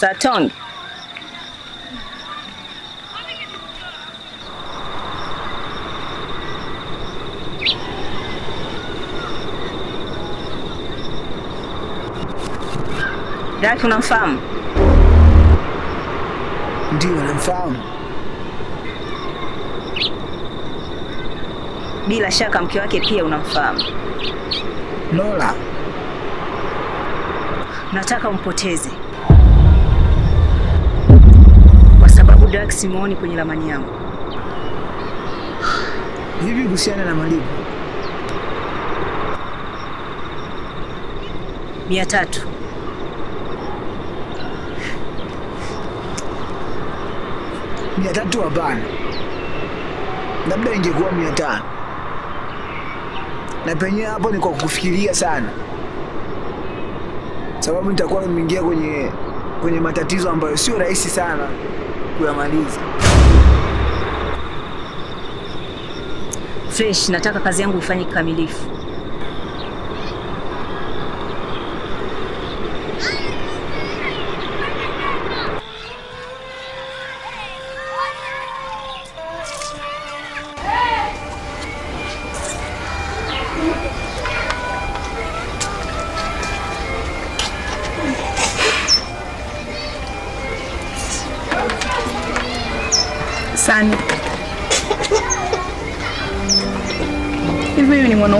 Saturn. Drake unamfahamu? Ndio, namfahamu. Bila shaka mke wake pia unamfahamu. Lola. Nataka umpoteze. Dark Simoni kwenye ramani yangu. Hivi kuhusiana na malipo mia tatu mia tatu Hapana, labda ingekuwa mia tano na penyewe hapo ni kwa kufikiria sana, sababu nitakuwa nimeingia kwenye, kwenye matatizo ambayo sio rahisi sana kuyamaliza. Fresh, nataka kazi yangu ifanye kikamilifu.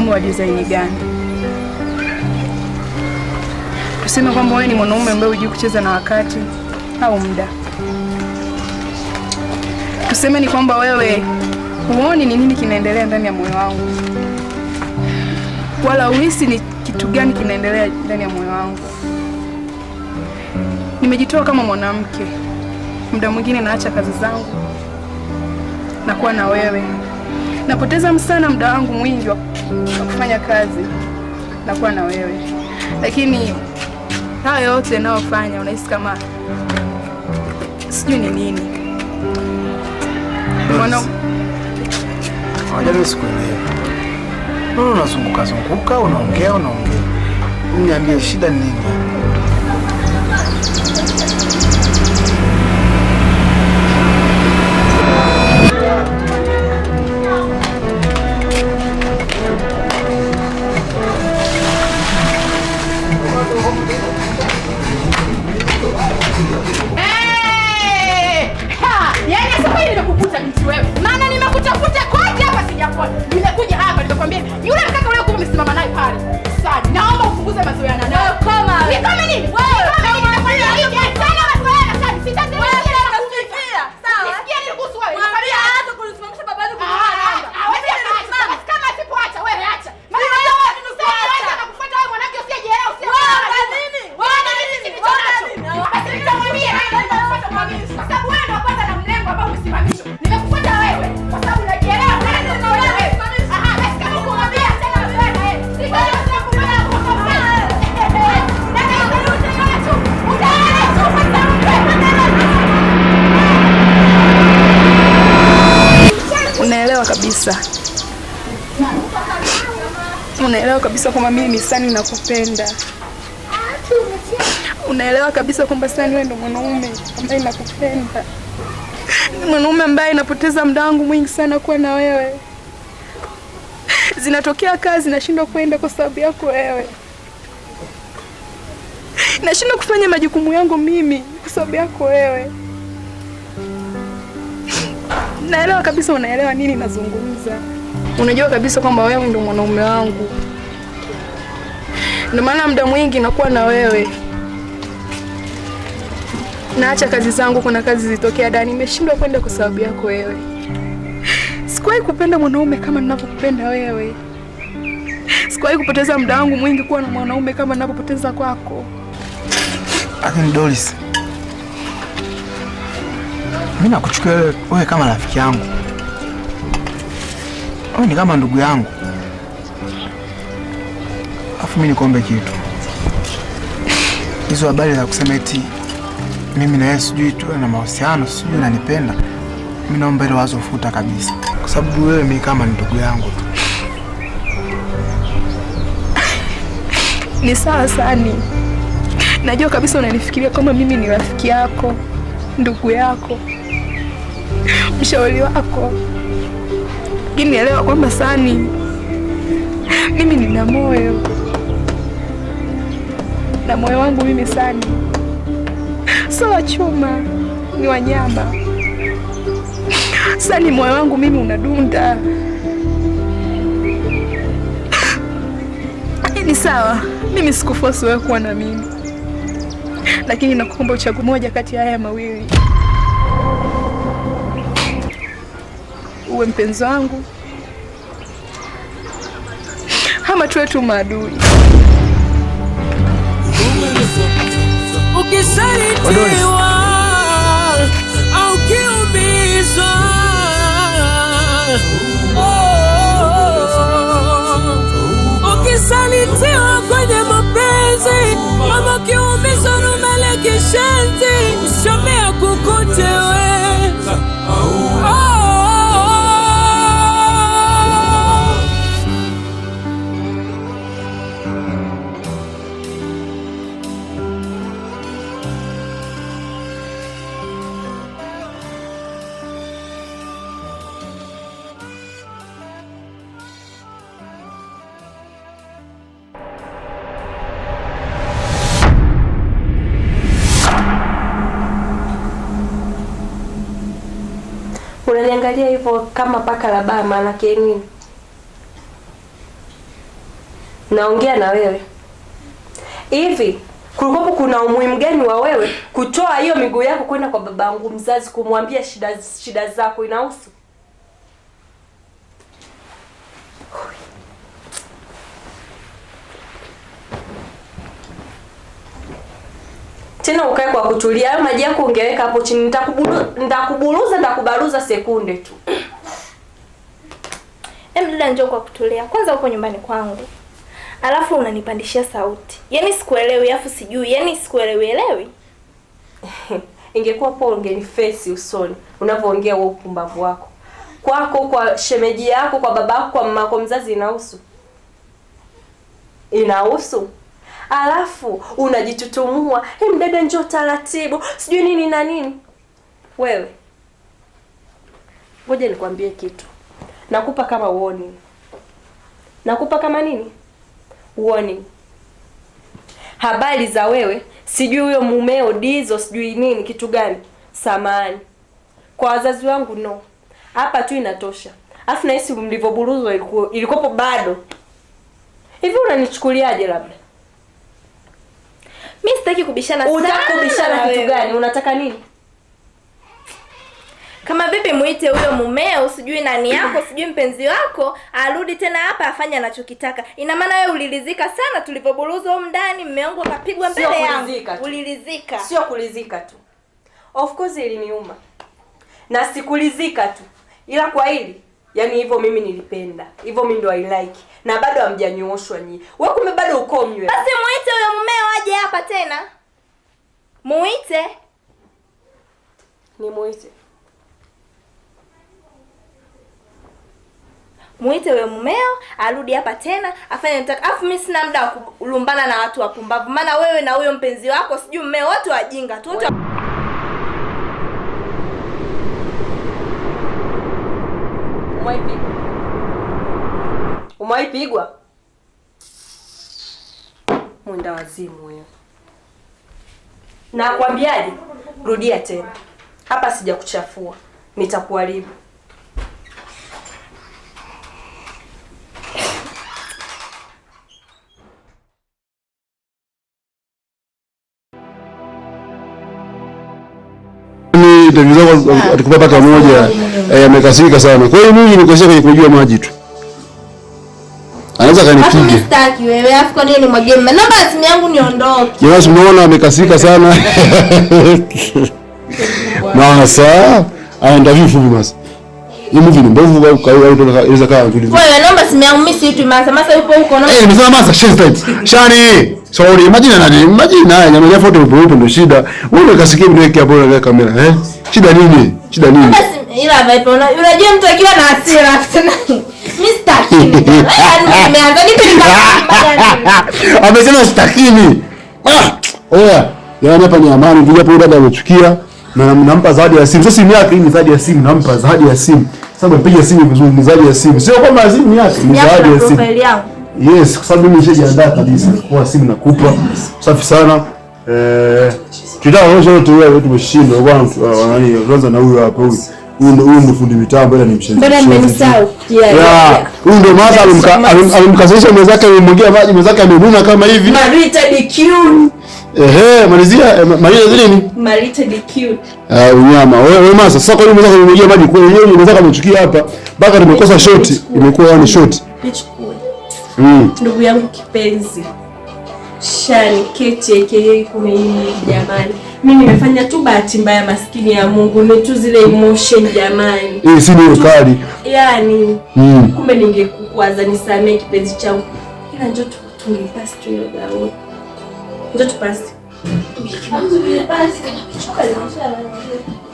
mwanaume wa design gani? Tuseme kwamba wewe ni mwanaume ambaye hujui kucheza na wakati au muda. Tuseme ni kwamba wewe huoni ni nini kinaendelea ndani ya moyo wangu, wala uhisi ni kitu gani kinaendelea ndani ya moyo wangu. Nimejitoa kama mwanamke, muda mwingine naacha kazi zangu, na kuwa na wewe napoteza sana muda wangu mwingi wa kufanya kazi na kuwa na wewe, lakini hayo yote yanayofanya unahisi kama sijui ni nini. Unazunguka zunguka, unaongea unaongea, niambie shida nini? unaelewa kabisa, unaelewa kabisa kwamba mimi Sani nakupenda, unaelewa kabisa kwamba Sani wewe ndo mwanaume ambaye nakupenda, mwanaume ambaye napoteza muda wangu mwingi sana kuwa na wewe. Zinatokea kazi nashindwa kwenda kwa sababu yako wewe, nashindwa kufanya majukumu yangu mimi kwa sababu yako wewe naelewa kabisa, unaelewa nini nazungumza. Unajua kabisa kwamba wewe ndio mwanaume wangu, ndio maana muda mwingi nakuwa na wewe. Naacha kazi zangu, kuna kazi zitokea da, nimeshindwa kwenda kwa sababu yako wewe. Sikuwahi kupenda mwanaume kama ninavyokupenda wewe. Sikuwahi kupoteza muda wangu mwingi kuwa na mwanaume kama ninavyopoteza kwako. Doris, mimi nakuchukia wewe kama rafiki yangu, wewe ni kama ndugu yangu, afu mimi nikuombe kitu. Hizo habari za kusema eti mimi na yeye sijui tu na mahusiano sijui nanipenda, mimi naomba ile wazo futa kabisa, kwa sababu wewe mimi kama ni ndugu yangu tu. Ni sawa Sani, najua kabisa unanifikiria kama mimi ni rafiki yako, ndugu yako mshauri wako, lakini elewa kwamba Sani, mimi nina moyo na moyo wangu mimi Sani sio wa chuma, ni wa nyama. Sani, moyo wangu mimi unadunda. Ni sawa, mimi sikufosi wewe kuwa na mimi, lakini nakuomba uchague moja kati ya haya mawili. uwe mpenzi wangu ama tuwe tu maadui. Ukisalitiwa au kiumizwa, oh, ukisalitiwa kwenye mapenzi ama kiumizwa, oh, hivyo kama paka la baa, yake nini? Naongea na wewe hivi, kulikuwa kuna umuhimu gani wa wewe kutoa hiyo miguu yako kwenda kwa babangu mzazi kumwambia shida shida zako? Inahusu tena ukae kwa kutulia. Hayo maji yako ungeweka hapo chini, nitakuburuza nitakubaruza sekunde tu. Hem, dada, njoo kwa kutulia kwanza, huko nyumbani kwangu, alafu unanipandishia sauti. Yaani sikuelewi, alafu sijui, yaani sikuelewi elewi. Ingekuwa poa ungenifesi usoni unavyoongea wewe, upumbavu wako kwako, kwa shemeji yako, kwa babako, kwa mama, kwa mzazi, inahusu inahusu Alafu unajitutumua hem, dada njoo taratibu, sijui nini na nini. Wewe ngoja nikwambie kitu, Nakupa kama warning. Nakupa kama nini? Warning. Habari za wewe, sijui huyo mumeo dizo, sijui nini, kitu gani. samani kwa wazazi wangu, no, hapa tu inatosha. Afu nahisi mlivyoburuzwa ilikopo bado. Hivi unanichukuliaje? Labda mi sitaki kubishana. kubishana kitu gani? Unataka nini? kama vipi muite huyo mumeo, sijui nani yako, sijui mpenzi wako, arudi tena hapa afanye anachokitaka. Ina maana wewe ulilizika sana tulivyoburuzwa huko ndani, mmeongo kapigwa mbele yangu. Ulilizika, sio kulizika tu. Of course iliniuma na sikulizika tu, ila kwa hili yaani hivyo mimi nilipenda hivyo, mimi ndo I like, na bado hamjanyoshwa nyinyi. Wewe kumbe bado uko mnywe. Basi muite huyo mumeo aje hapa tena, muite, ni muite muite wewe mumeo arudi hapa tena afanye mtaka. Alafu mimi sina muda wa kulumbana na watu wapumbavu, maana wewe na huyo mpenzi wako sijui mmeo, wote wajinga tu. Umewahi Mwenda wazimu wewe, nakwambiaje? Rudia tena hapa, sijakuchafua, nitakuharibu. interview zangu ah. alikupa pata moja, eh, amekasirika sana. Kwa hiyo mimi nikoshia kwenye kujua maji tu, anaweza kanipiga. Sitaki wewe, afu kwa nini Namba ya simu yangu niondoke. Jamani, unaona amekasirika sana. Masa, aenda vipi fupi masa hiyo movie ni mbovu au kwa hiyo inaweza kaa nzuri. Kwa hiyo naomba simu yangu Masa. Masa yupo huko naomba. Eh, nimesema Masa she's type. Shani. Sorry, imagine nani? Imagine naye jamaa yake foto yupo ndio shida. Wewe ukasikia mtu yake hapo na kamera, eh? Shida nini? Shida nini? Ila vibe una unajua mtu akiwa na hasira tena. Amesema stakini. Ah, oya. Yaani hapa ni amani, ndio hapo dada amechukia na nampa zawadi ya simu. Sio simu yake, ni zawadi ya simu, nampa zawadi ya simu. Sasa mpiga simu vizuri, ni zawadi ya simu, sio kwamba simu yake, ni zawadi ya simu. Yes, kwa sababu mimi nishajiandaa kabisa mm-hmm. kwa simu nakupa. Safi sana. Eh, tutaonyesha wote wewe mshindo bwana, wanani tuanza na huyu hapa huyu. Huyu huyu ndio fundi mitambo ila ni mshindo. Bwana mmenisahau. Yeah. Huyu ndo maana alimkasirisha mwenzake, amemwagia maji mwenzake, amebuna kama hivi. Marita DQ. Ehe, malizia eh, maliza nini? Malite ni cute. Ah, unyama. Wewe wewe masa, sasa kwa nini unataka kumwagia maji? Kwa hiyo unaweza kunichukia hapa. Baka nimekosa shoti, imekuwa yani shoti. Nichukue. Mm. Ndugu yangu kipenzi. Shani Keche KK kuna jamani. Mimi nimefanya tu bahati mbaya maskini ya Mungu, ni tu zile emotion jamani. Eh, si ndio kali. Yaani, mm. Kumbe ningekukwaza, nisamee kipenzi changu. Ila njoo tu tulipasi tu hiyo Mtoto basi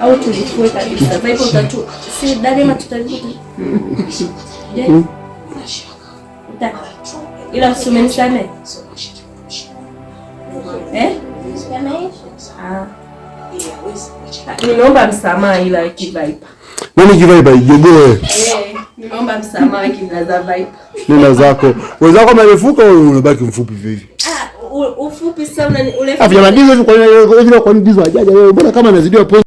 au tulifue kabisa. hivyo utatu si daima tutavuta. Hmm? Ila usumenisamehe. Eh? Ah. Ah, eh? Nimeomba msamaha ila kivaipa. Nani kivaipa ijogoe? Nimeomba msamaha kinaza vaipa. Nenda zako. Wenzako marefuka unabaki mfupi vivi ufupi sana ni ule. Afya jamani, hizo kwa hizo kwa hizo ajaja leo, mbona kama anazidiwa